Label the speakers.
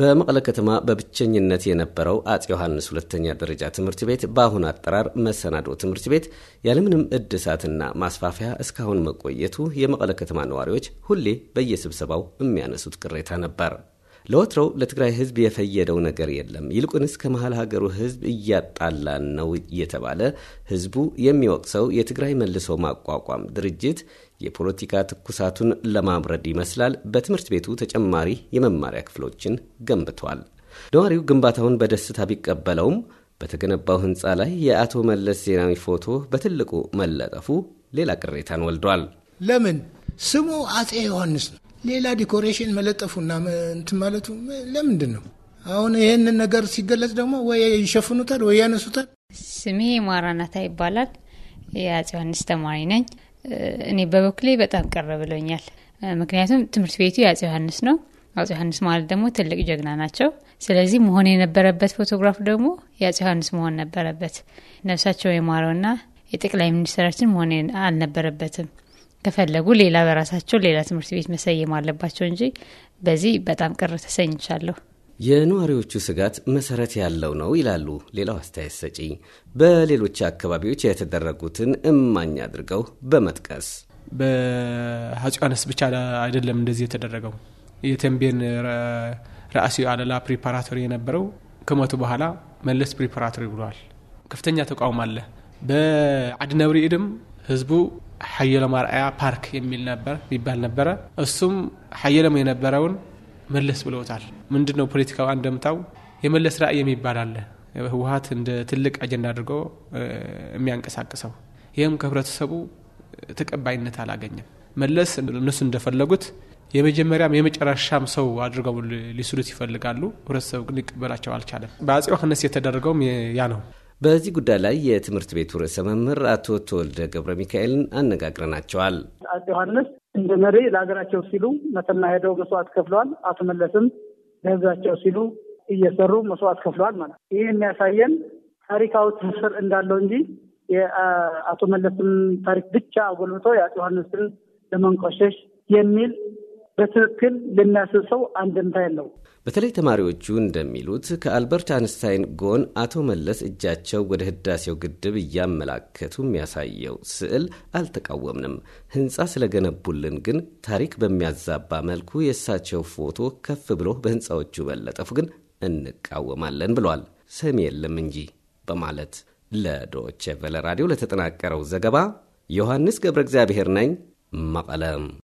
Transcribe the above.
Speaker 1: በመቀለ ከተማ በብቸኝነት የነበረው አፄ ዮሐንስ ሁለተኛ ደረጃ ትምህርት ቤት በአሁን አጠራር መሰናዶ ትምህርት ቤት ያለምንም እድሳትና ማስፋፊያ እስካሁን መቆየቱ የመቀለ ከተማ ነዋሪዎች ሁሌ በየስብሰባው የሚያነሱት ቅሬታ ነበር። ለወትሮው ለትግራይ ህዝብ የፈየደው ነገር የለም። ይልቁንስ ከመሀል ሀገሩ ህዝብ እያጣላን ነው እየተባለ ህዝቡ የሚወቅሰው የትግራይ መልሶ ማቋቋም ድርጅት የፖለቲካ ትኩሳቱን ለማምረድ ይመስላል በትምህርት ቤቱ ተጨማሪ የመማሪያ ክፍሎችን ገንብቷል። ነዋሪው ግንባታውን በደስታ ቢቀበለውም በተገነባው ህንፃ ላይ የአቶ መለስ ዜናዊ ፎቶ በትልቁ መለጠፉ ሌላ ቅሬታን ወልዷል። ለምን
Speaker 2: ስሙ አጼ ዮሐንስ ነው ሌላ ዲኮሬሽን መለጠፉና እንትን ማለቱ
Speaker 3: ለምንድን ነው? አሁን ይህንን ነገር ሲገለጽ
Speaker 2: ደግሞ ወይ ይሸፍኑታል ወይ ያነሱታል።
Speaker 3: ስሜ ማራናታ ይባላል። የአፄ ዮሐንስ ተማሪ ነኝ። እኔ በበኩሌ በጣም ቀረ ብሎኛል። ምክንያቱም ትምህርት ቤቱ የአጼ ዮሐንስ ነው። አፄ ዮሐንስ ማለት ደግሞ ትልቅ ጀግና ናቸው። ስለዚህ መሆን የነበረበት ፎቶግራፍ ደግሞ የአጽ ዮሐንስ መሆን ነበረበት። ነፍሳቸው የማረውና የጠቅላይ ሚኒስትራችን መሆን አልነበረበትም። ከፈለጉ ሌላ በራሳቸው ሌላ ትምህርት ቤት መሰየም አለባቸው እንጂ በዚህ በጣም ቅር ተሰኝቻለሁ።
Speaker 1: የነዋሪዎቹ ስጋት መሰረት ያለው ነው ይላሉ ሌላው አስተያየት ሰጪ፣ በሌሎች አካባቢዎች የተደረጉትን እማኝ አድርገው በመጥቀስ
Speaker 4: በአፄ ዮሐንስ ብቻ አይደለም እንደዚህ የተደረገው። የተንቤን ራእሲ አለላ ፕሪፓራቶሪ የነበረው ከሞቱ በኋላ መለስ ፕሪፓራቶሪ ብሏል። ከፍተኛ ተቃውሞ አለ። በአድነብሪ ድም ህዝቡ ሀየሎም አርአያ ፓርክ የሚል ነበር ይባል ነበረ። እሱም ሀየሎም የነበረውን መለስ ብለውታል። ምንድን ነው ፖለቲካው አንደምታው የመለስ ራእይ የሚባል አለ። ህወሀት እንደ ትልቅ አጀንዳ አድርጎ የሚያንቀሳቅሰው ይህም ከህብረተሰቡ ተቀባይነት አላገኘም። መለስ እነሱ እንደፈለጉት የመጀመሪያም የመጨረሻም ሰው አድርገው ሊስሉት ይፈልጋሉ። ህብረተሰቡ ግን ሊቀበላቸው አልቻለም።
Speaker 1: በአጼ ዮሐንስ የተደረገውም ያ ነው። በዚህ ጉዳይ ላይ የትምህርት ቤቱ ርዕሰ መምህር አቶ ተወልደ ገብረ ሚካኤልን አነጋግረናቸዋል።
Speaker 2: አጼ ዮሐንስ እንደ መሪ ለሀገራቸው ሲሉ መተማ ሄደው መስዋዕት ከፍለዋል። አቶ መለስም ለህዝባቸው ሲሉ እየሰሩ መስዋዕት ከፍለዋል ማለት ነው። ይህ የሚያሳየን ታሪካዊ ትስስር እንዳለው እንጂ የአቶ መለስም ታሪክ ብቻ አጎልብቶ የአፄ ዮሐንስን ለመንቆሸሽ የሚል በትክክል ልናስሰው አንድምታ የለው።
Speaker 1: በተለይ ተማሪዎቹ እንደሚሉት ከአልበርት አንስታይን ጎን አቶ መለስ እጃቸው ወደ ህዳሴው ግድብ እያመላከቱ የሚያሳየው ስዕል አልተቃወምንም። ህንፃ ስለገነቡልን ግን ታሪክ በሚያዛባ መልኩ የእሳቸው ፎቶ ከፍ ብሎ በህንፃዎቹ መለጠፉ ግን እንቃወማለን ብሏል። ስም የለም እንጂ በማለት ለዶቼ ራዲዮ ለተጠናቀረው ዘገባ ዮሐንስ ገብረ እግዚአብሔር ነኝ መቀለም